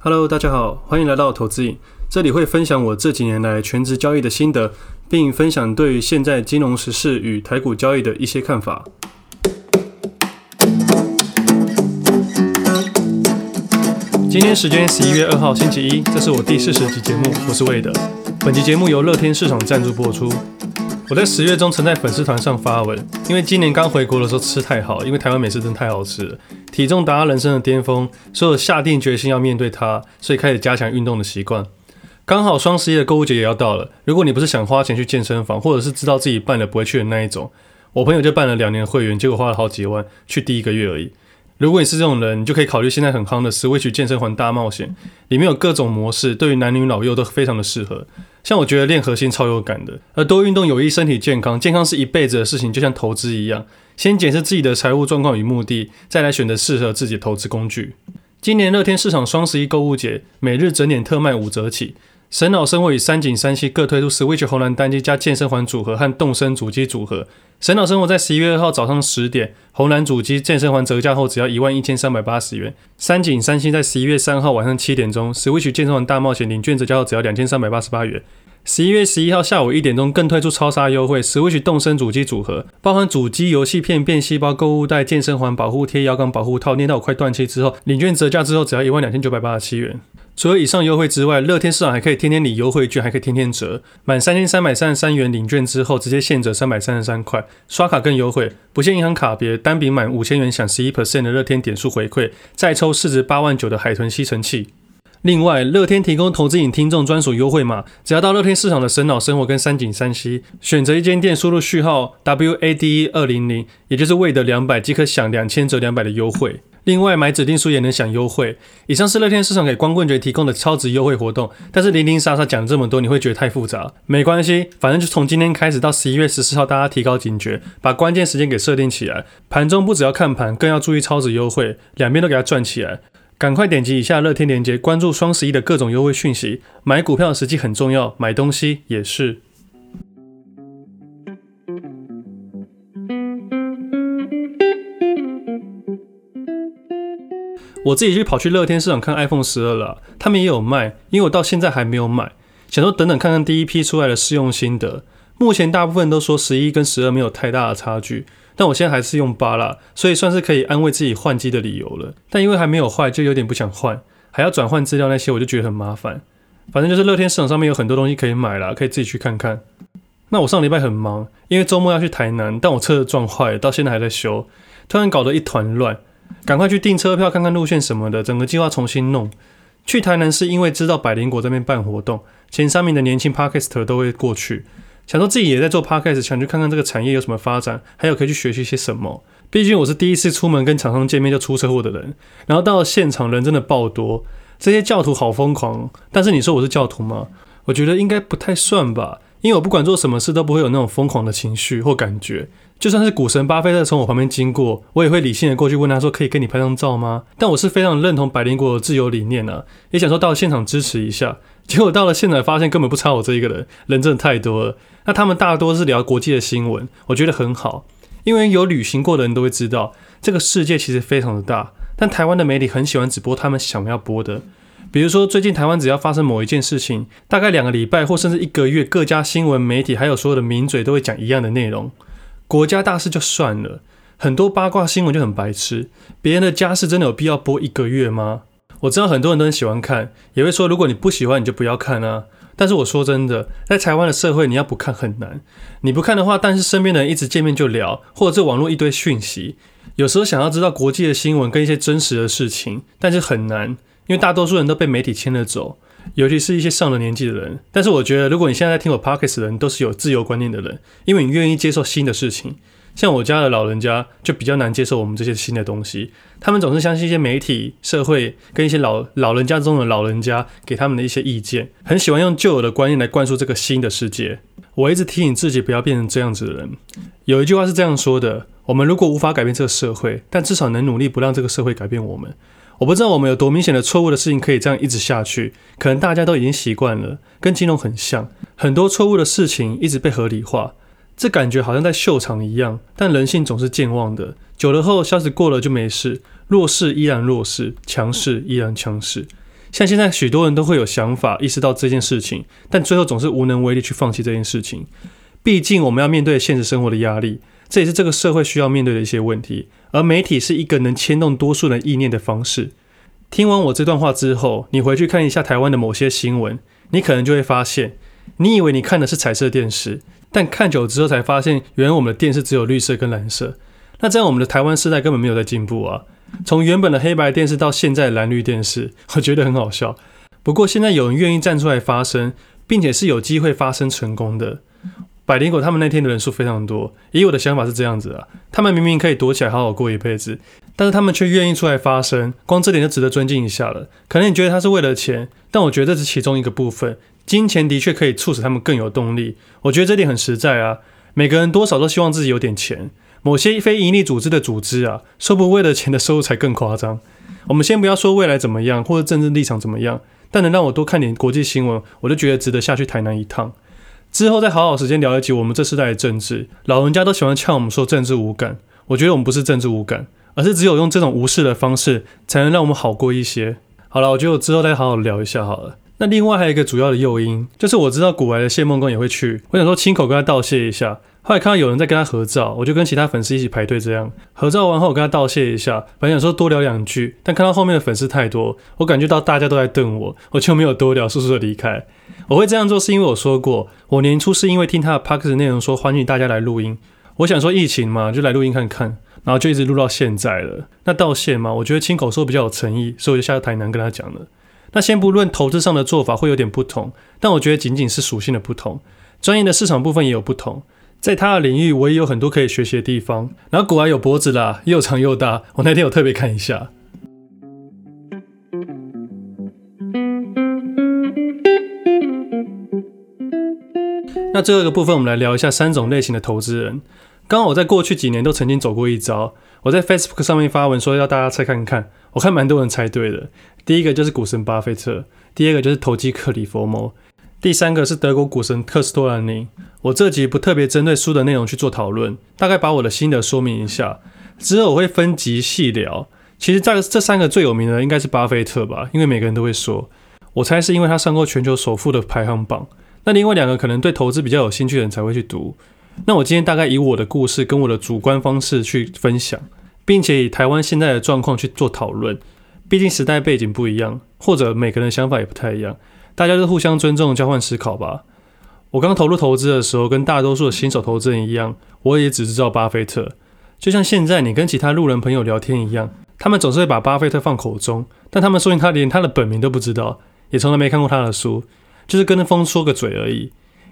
Hello，大家好，歡迎來到投資影投資癮。這裡會分享我這幾年來全職交易的心得，並分享對現在金融時事與台股交易的一些看法。今天時間十一月二號星期一，這是我第四十集節目，我是 Wade。本集節目由樂天市場贊助播出。我在十月中曾在粉絲團上發文，因為今年剛回國的時候吃太好，因為台灣美食真的太好吃了，體重達到人生的巔峰，所以我下定決心要面對它，所以開始加強運動的習慣。剛好雙十一的購物節也要到了，如果你不是想花錢去健身房，或者是知道自己辦了不會去的那一種，我朋友就辦了兩年會員，結果花了好幾萬去第一個月而已。如果你是這種人，你就可以考慮現在很夯的《switch 健身環大冒險》，裡面有各種模式，對於男女老幼都非常的適合。像我覺得練核心超有感的，而多運動有益身體健康，健康是一輩子的事情，就像投資一樣，先檢測自己的財務狀況與目的，再來選擇適合自己的投資工具。今年樂天市場雙十一購物節，每日整點特賣五折起。神腦生活與三井三星各推出 Switch 紅藍單機加健身環組合和動森主機組合。神腦生活在十一月二號早上十點，紅藍主機健身環折價後只要一萬一千三百八十元。三井三星在十一月三號晚上七點鐘，Switch 健身環大冒險領券折價後只要兩千三百八十八元。十一月十一號下午一點鐘，更推出超殺優惠，Switch 動森主機組合，包含主機、遊戲片、便攜包、購物袋、健身環、保護貼、搖桿保護套，念到我快斷氣之後，領券折價之後只要一萬兩千九百八十七元。除了以上優惠之外，樂天市場還可以天天領優惠券，還可以天天折，滿三千三百三十三元領券之後，直接現折三百三十三塊，刷卡更優惠，不限銀行卡別。單筆滿五千元享十一 percent 的樂天點數回饋，再抽市值八萬九的海豚吸塵器。另外，樂天提供投資癮聽眾專屬優惠碼，只要到樂天市場的神腦生活跟三井 3C 選擇一間店，輸入序號 WADE 二零零，也就是 Wade 兩百即可享兩千折兩百的優惠。另外買指定書也能享優惠。以上是樂天市場給光棍節提供的超值優惠活動，但是零零散散講這麼多，你會覺得太複雜。沒關係，反正就從今天開始到十一月十四號，大家提高警覺，把關鍵時間給設定起來。盤中不只要看盤，更要注意超值優惠，兩邊都給它轉起來。趕快點擊以下樂天鏈接，關注雙十一的各種優惠訊息。買股票的時機很重要，買東西也是。我自己去跑去樂天市場看 iPhone 十二啦，他們也有賣，因為我到現在還沒有買，想說等等看看第一批出來的試用心得。目前大部分都說十一跟十二沒有太大的差距，但我現在還是用八啦，所以算是可以安慰自己換機的理由了。但因為還沒有壞，就有點不想換，還要轉換資料那些，我就覺得很麻煩。反正就是樂天市場上面有很多東西可以買啦，可以自己去看看。那我上禮拜很忙，因為週末要去台南，但我車子撞壞了，到現在還在修，突然搞得一團亂。趕快去訂車票，看看路線什麼的。整個計劃重新弄。去台南是因為知道百靈果這邊辦活動，前三名的年輕 podcaster 都會過去。想說自己也在做 podcaster，想去看看這個產業有什麼發展，還有可以去學習些什麼。畢竟我是第一次出門跟廠商見面就出車禍的人。然後到了現場人真的爆多，這些教徒好瘋狂。但是你說我是教徒嗎？我覺得應該不太算吧，因為我不管做什麼事都不會有那種瘋狂的情緒或感覺。就算是股神巴菲特從我旁邊經過，我也會理性的過去問他說：“可以跟你拍張照嗎？”但我是非常認同百靈果的自由理念啊，也想說到了現場支持一下。結果到了現場發現根本不差我這一個人，人真的太多了。那他們大多是聊國際的新聞，我覺得很好，因為有旅行過的人都會知道，這個世界其實非常的大。但台灣的媒體很喜歡直播他們想要播的，比如說最近台灣只要發生某一件事情，大概兩個禮拜或甚至一個月，各家新聞媒體還有所有的名嘴都會講一樣的內容。國家大事就算了，很多八卦新聞就很白痴。別人的家事真的有必要播一個月嗎？我知道很多人都很喜歡看，也會說如果你不喜歡你就不要看啊。但是我說真的，在台灣的社會，你要不看很難。你不看的話，但是身邊的人一直見面就聊，或者這網絡一堆訊息，有時候想要知道國際的新聞跟一些真實的事情，但是很難，因為大多數人都被媒體牽着走。尤其是一些上了年紀的人，但是我覺得，如果你現在在聽我 podcast 的人，都是有自由觀念的人，因為你願意接受新的事情。像我家的老人家就比較難接受我們這些新的東西，他們總是相信一些媒體、社會跟一些老老人家中的老人家給他們的一些意見，很喜歡用舊有的觀念來灌輸這個新的世界。我一直提醒自己不要變成這樣子的人。有一句話是這樣說的：我們如果無法改變這個社會，但至少能努力不讓這個社會改變我們。我不知道我們有多明顯的錯誤的事情可以這樣一直下去，可能大家都已經習慣了，跟金融很像，很多錯誤的事情一直被合理化，這感覺好像在秀場一樣。但人性總是健忘的，久了後消息過了就沒事，弱勢依然弱勢，強勢依然強勢。像現在許多人都會有想法意識到這件事情，但最後總是無能為力去放棄這件事情。畢竟我們要面對現實生活的壓力，這也是這個社會需要面對的一些問題。而媒體是一個能牽動多數人意念的方式。聽完我這段話之後，你回去看一下台灣的某些新聞，你可能就會發現，你以為你看的是彩色電視，但看久之後才發現，原來我們的電視只有綠色跟藍色。那這樣我們的台灣時代根本沒有在進步啊！從原本的黑白電視到現在的藍綠電視，我覺得很好笑。不過現在有人願意站出來發聲，並且是有機會發聲成功的。百靈果他們那天的人數非常多，以我的想法是這樣子啊，他們明明可以躲起來好好過一輩子，但是他們卻願意出來發聲，光這點就值得尊敬一下了。可能你覺得他是為了錢，但我覺得這是其中一個部分，金錢的確可以促使他們更有動力。我覺得這點很實在啊，每個人多少都希望自己有點錢。某些非盈利組織的組織啊，說不為了錢的收入才更誇張。我們先不要說未來怎麼樣或者政治立場怎麼樣，但能讓我多看點國際新聞，我都覺得值得下去台南一趟。之後再好好時間聊一集我們這世代的政治，老人家都喜歡嗆我們說政治無感，我覺得我們不是政治無感，而是只有用這種無視的方式，才能讓我們好過一些。好了，我覺得我之後再好好聊一下好了。那另外還有一個主要的誘因，就是我知道股癌的謝孟恭也會去，我想說親口跟他道謝一下。後來看到有人在跟他合照，我就跟其他粉絲一起排隊。這樣合照完後，我跟他道謝一下。本想說多聊兩句，但看到後面的粉絲太多，我感覺到大家都在瞪我，我就沒有多聊，速速地離開。我會這樣做是因為我說過，我年初是因為聽他的 Parks 內容說，歡迎大家來錄音。我想說疫情嘛，就來錄音看看，然後就一直錄到現在了。那道謝嘛，我覺得親口說比較有誠意，所以我就下台南跟他講了。那先不論投資上的做法會有點不同，但我覺得僅僅是屬性的不同，專業的市場部分也有不同。在他的領域，我也有很多可以學習的地方。然後，股癌有脖子啦，又長又大。我那天有特別看一下。 那最後一個部分，我們來聊一下三種類型的投資人。剛好我在過去幾年都曾經走過一遭，我在 Facebook 上面發文說要大家猜看看。我看蠻多人猜對的。第一個就是股神巴菲特，第二個就是投機客李佛摩。第三個是德國股神科斯托蘭尼，我這集不特別針對書的內容去做討論，大概把我的心得說明一下，之後我會分集細聊。其實這這三個最有名的應該是巴菲特吧，因為每個人都會說，我猜是因為他上過全球首富的排行榜。那另外兩個可能對投資比較有興趣的人才會去讀。那我今天大概以我的故事跟我的主觀方式去分享，並且以台灣現在的狀況去做討論，畢竟時代背景不一樣，或者每個人想法也不太一樣。大家都互相尊重，交換思考吧。我剛投入投資的時候，跟大多數的新手投資人一樣，我也只知道巴菲特。就像現在你跟其他路人朋友聊天一樣，他們總是會把巴菲特放口中，但他們說明他連他的本名都不知道，也從來沒看過他的書，就是跟風說個嘴而已。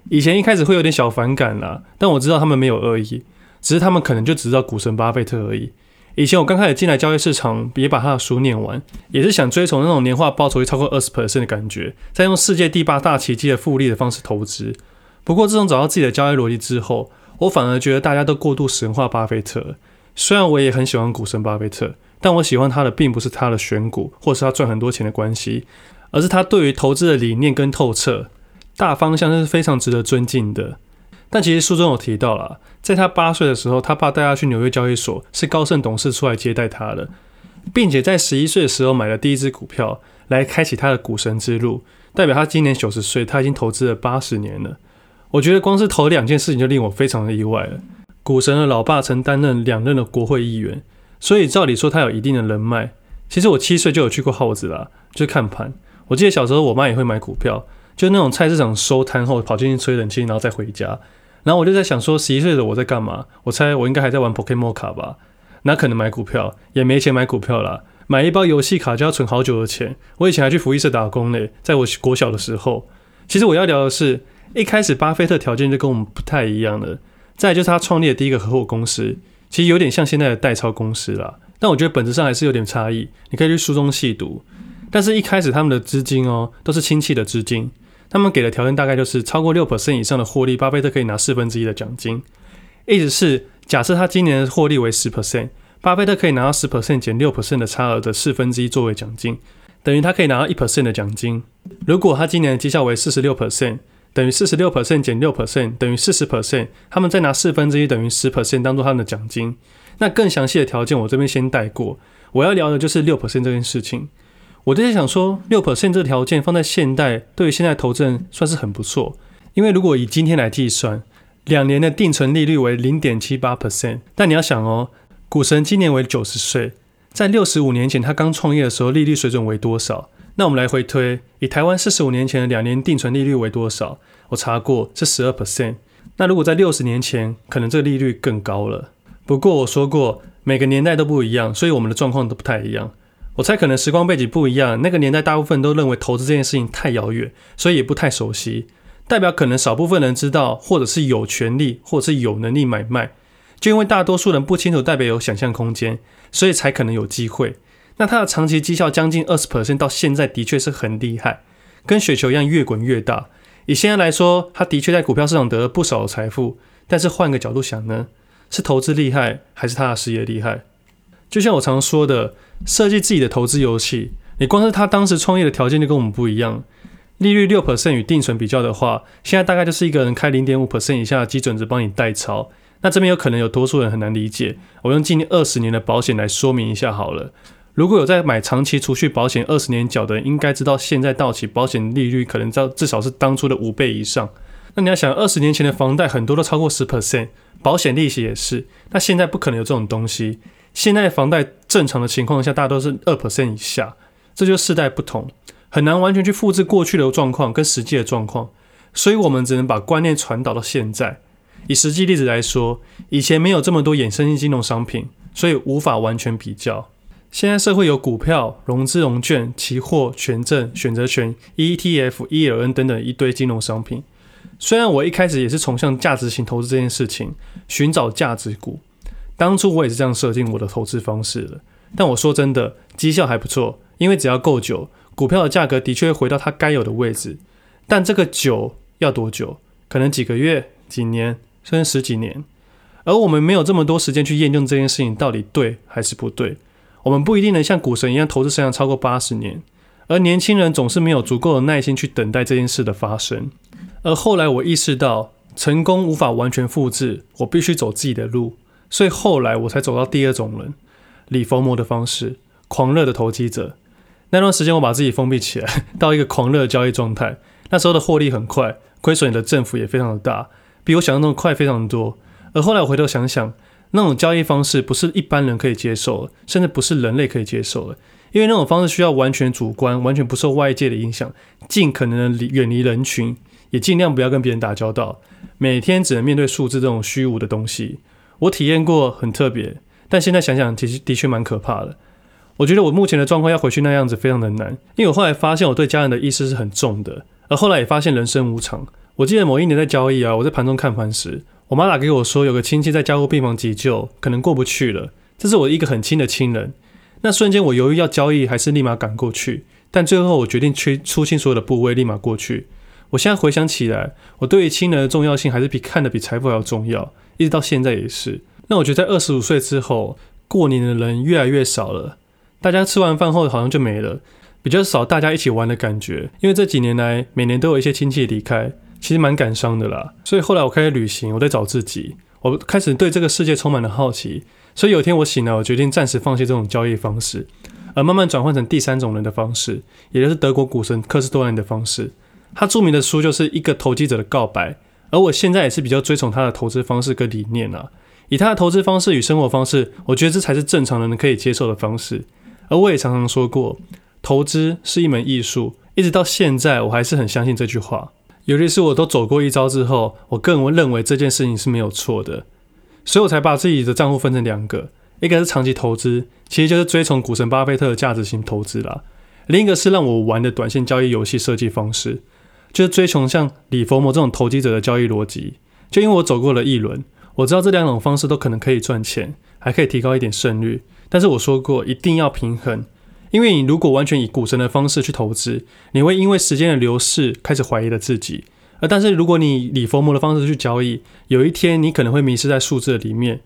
以前一開始會有點小反感啦，但我知道他們沒有惡意，只是他們可能就只知道股神巴菲特而已。以前我剛開始進來交易市場，也把他的書念完，也是想追求那種年化報酬率超過二十 percent 的感覺，再用世界第八大奇蹟的複利的方式投資。不過自從找到自己的交易邏輯之後，我反而覺得大家都過度神話巴菲特。雖然我也很喜歡股神巴菲特，但我喜歡他的並不是他的選股，或是他賺很多錢的關係，而是他對於投資的理念跟透徹，大方向是非常值得尊敬的。但其實書中有提到啦，在他八歲的時候，他爸帶他去紐約交易所，是高盛董事出來接待他的，並且在十一歲的時候買了第一支股票，來開啟他的股神之路。代表他今年九十歲，他已經投資了八十年了。我覺得光是頭兩件事情就令我非常的意外了。股神的老爸曾擔任兩任的國會議員，所以照理說他有一定的人脈。其實我七歲就有去過號子啦，就看盤。我記得小時候我媽也會買股票。就那種菜市場收攤後跑進去吹冷氣，然後再回家。然後我就在想說，十一歲的我在幹嘛？我猜我應該還在玩 Pokémon 卡吧？哪可能買股票，也沒錢買股票啦。買一包遊戲卡就要存好久的錢。我以前還去福利社打工呢，在我國小的時候。其實我要聊的是一開始巴菲特條件就跟我們不太一樣了。再來就是他創立的第一個合夥公司，其實有點像現在的代操公司啦，但我覺得本質上還是有點差異，你可以去書中細讀。但是一開始他們的資金哦、喔，都是親戚的資金。他們給的條件大概就是超過六 percent 以上的獲利，巴菲特可以拿四分之一的獎金。意思是，假設他今年的獲利為十 percent，巴菲特可以拿到十 percent 減六 percent 的差額的四分之一作為獎金，等於他可以拿到一 percent 的獎金。如果他今年的績效為四十六 percent，等於四十六 percent 減六 percent 等於四十 percent，他們再拿四分之一等於十 percent 當做他們的獎金。那更詳細的條件我這邊先帶過，我要聊的就是六 percent 這件事情。我就是想說6，六 percent 這個條件放在現代，對於現在投證算是很不錯。因為如果以今天來計算，兩年的定存利率為零點七八 percent，但你要想哦，股神今年為九十歲，在六十五年前他剛創業的時候，利率水準為多少？那我們來回推，以台灣四十五年前的兩年定存利率為多少？我查過是十二 percent。那如果在六十年前，可能這個利率更高了。不過我說過，每個年代都不一樣，所以我們的狀況都不太一樣。我猜可能時光背景不一樣，那個年代大部分都認為投資這件事情太遙遠，所以也不太熟悉。代表可能少部分人知道，或者是有權利，或者是有能力買賣。就因為大多數人不清楚，代表有想象空間，所以才可能有機會。那他的長期績效將近二十 percent，到現在的確是很厲害，跟雪球一樣越滾越大。以現在來說，他的確在股票市場得了不少的財富。但是換個角度想呢，是投資厲害，還是他的事業厲害？就像我常說的，設計自己的投資遊戲，你光是他當時創業的條件就跟我們不一樣。利率六%與定存比較的話，現在大概就是一個人開零點五%以下的基準值幫你代抄。那這邊有可能有多數人很難理解，我用近二十年的保險來說明一下好了。如果有在買長期儲蓄保險二十年繳的人，應該知道現在到期保險利率可能到至少是當初的五倍以上。那你要想二十年前的房貸很多都超過十%，保險利息也是，那現在不可能有這種東西。現在房貸正常的情況下，大多都是二 percent 以下，這就是世代不同，很難完全去複製過去的狀況跟實際的狀況，所以我們只能把觀念傳導到現在。以實際例子來說，以前沒有這麼多衍生性金融商品，所以無法完全比較。現在社會有股票、融資融券、期貨、權證、選擇權、ETF、ELN 等等一堆金融商品。雖然我一開始也是從向價值型投資這件事情尋找價值股。當初我也是這樣設定我的投資方式了，但我說真的，績效還不錯，因為只要夠久，股票的價格的確會回到它該有的位置。但這個久要多久？可能幾個月、幾年，甚至十幾年。而我們沒有這麼多時間去驗證這件事情到底對還是不對。我們不一定能像股神一樣投資生涯超過八十年，而年輕人總是沒有足夠的耐心去等待這件事的發生。而後來我意識到，成功無法完全複製，我必須走自己的路。所以後來我才走到第二種人，李佛摩的方式，狂熱的投機者。那段時間我把自己封閉起來，到一個狂熱的交易狀態。那時候的獲利很快，虧損你的振幅也非常的大，比我想象中的快非常多。而後來我回頭想想，那種交易方式不是一般人可以接受的，甚至不是人類可以接受的，因為那種方式需要完全主觀，完全不受外界的影響，盡可能離遠離人群，也盡量不要跟別人打交道，每天只能面對數字這種虛無的東西。我體驗過很特別，但現在想想，其實的確蠻可怕的。我覺得我目前的狀況要回去那樣子非常的難，因為我後來發現我對家人的意識是很重的，而後來也發現人生無常。我記得某一年在交易啊，我在盤中看盤時，我媽打給我說有個親戚在加護病房急救，可能過不去了。這是我一個很親的親人。那瞬間我猶豫要交易，還是立馬趕過去。但最後我決定去出清所有的部位，立馬過去。我現在回想起來，我對於親人的重要性還是比看得比財富還要重要。一直到現在也是。那我覺得在二十五歲之後，過年的人越來越少了。大家吃完飯後好像就沒了，比較少大家一起玩的感覺。因為這幾年來，每年都有一些親戚離開，其實蠻感傷的啦。所以後來我開始旅行，我在找自己，我開始對這個世界充滿了好奇。所以有一天我醒了，我決定暫時放棄這種交易方式，而慢慢轉換成第三種人的方式，也就是德國股神科斯托蘭尼的方式。他著名的書就是一個投機者的告白。而我現在也是比較追從他的投資方式跟理念啊，以他的投資方式與生活方式，我覺得這才是正常人可以接受的方式。而我也常常說過，投資是一門藝術，一直到現在我還是很相信這句話。尤其是我都走過一遭之後，我個人認為這件事情是沒有錯的，所以我才把自己的賬戶分成兩個，一個是長期投資，其實就是追從股神巴菲特的價值型投資啦；另一個是讓我玩的短線交易遊戲設計方式。就是追求像李佛摩這種投機者的交易邏輯，就因為我走過了一輪，我知道這兩種方式都可能可以賺錢，還可以提高一點勝率。但是我說過，一定要平衡，因為你如果完全以股神的方式去投資，你會因為時間的流逝開始懷疑了自己。而但是如果你以李佛摩的方式去交易，有一天你可能會迷失在數字的裡面，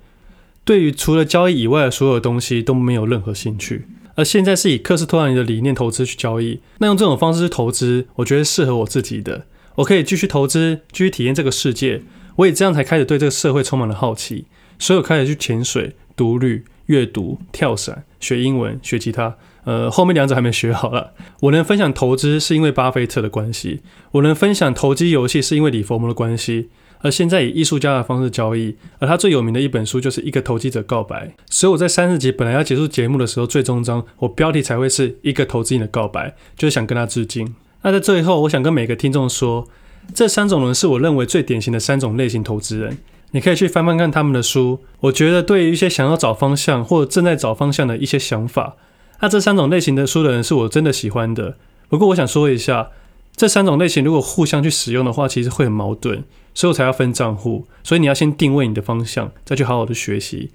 對於除了交易以外的所有的東西都沒有任何興趣。而現在是以科斯托蘭尼的理念投資去交易，那用這種方式去投資，我覺得是適合我自己的，我可以繼續投資，繼續體驗這個世界，我也這樣才開始對這個社會充滿了好奇，所以我開始去潛水、獨旅、閱讀、跳傘、學英文、學吉他，呃，後面兩者還沒學好了。我能分享投資是因為巴菲特的關係，我能分享投機遊戲是因為李佛摩的關係。而現在以藝術家的方式交易，而他最有名的一本書就是一個投機者告白。所以我在三十集本來要結束節目的時候，最終章我標題才會是一個投資人的告白，就是想跟他致敬。那在最後，我想跟每個聽眾說，這三種人是我認為最典型的三種類型投資人。你可以去翻翻看他們的書，我覺得對於一些想要找方向或者，正在找方向的一些想法，那這三種類型的書的人是我真的喜歡的。不過我想說一下，這三種類型如果互相去使用的話，其實會很矛盾。所以我才要分賬戶，所以你要先定位你的方向，再去好好的學習。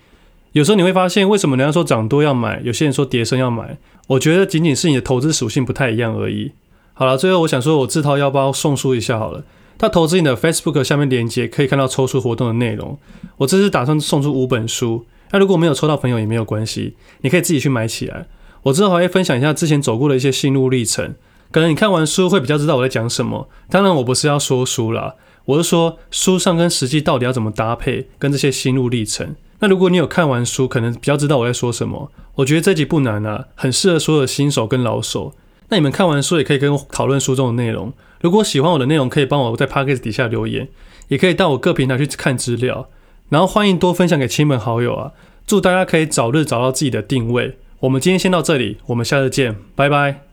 有時候你會發現，為什麼人家說漲多要買，有些人說跌深要買？我覺得僅僅是你的投資屬性不太一樣而已。好了，最後我想說，我自掏腰包送書一下好了。那投資癮的 Facebook 下面連結，可以看到抽出活動的內容。我這次打算送出五本書，那如果沒有抽到朋友也沒有關係，你可以自己去買起來。我之後還會分享一下之前走過的一些心路歷程，可能你看完書會比較知道我在講什麼。當然，我不是要說書啦。我是說，書上跟實際到底要怎麼搭配，跟這些心路歷程。那如果你有看完書，可能比較知道我在說什麼。我覺得這集不難啊，很適合所有的新手跟老手。那你們看完書也可以跟我討論書中的內容。如果喜歡我的內容，可以幫我在 podcast 底下留言，也可以到我各平台去看資料。然後歡迎多分享給親朋好友啊！祝大家可以早日找到自己的定位。我們今天先到這裡，我們下次見，拜拜。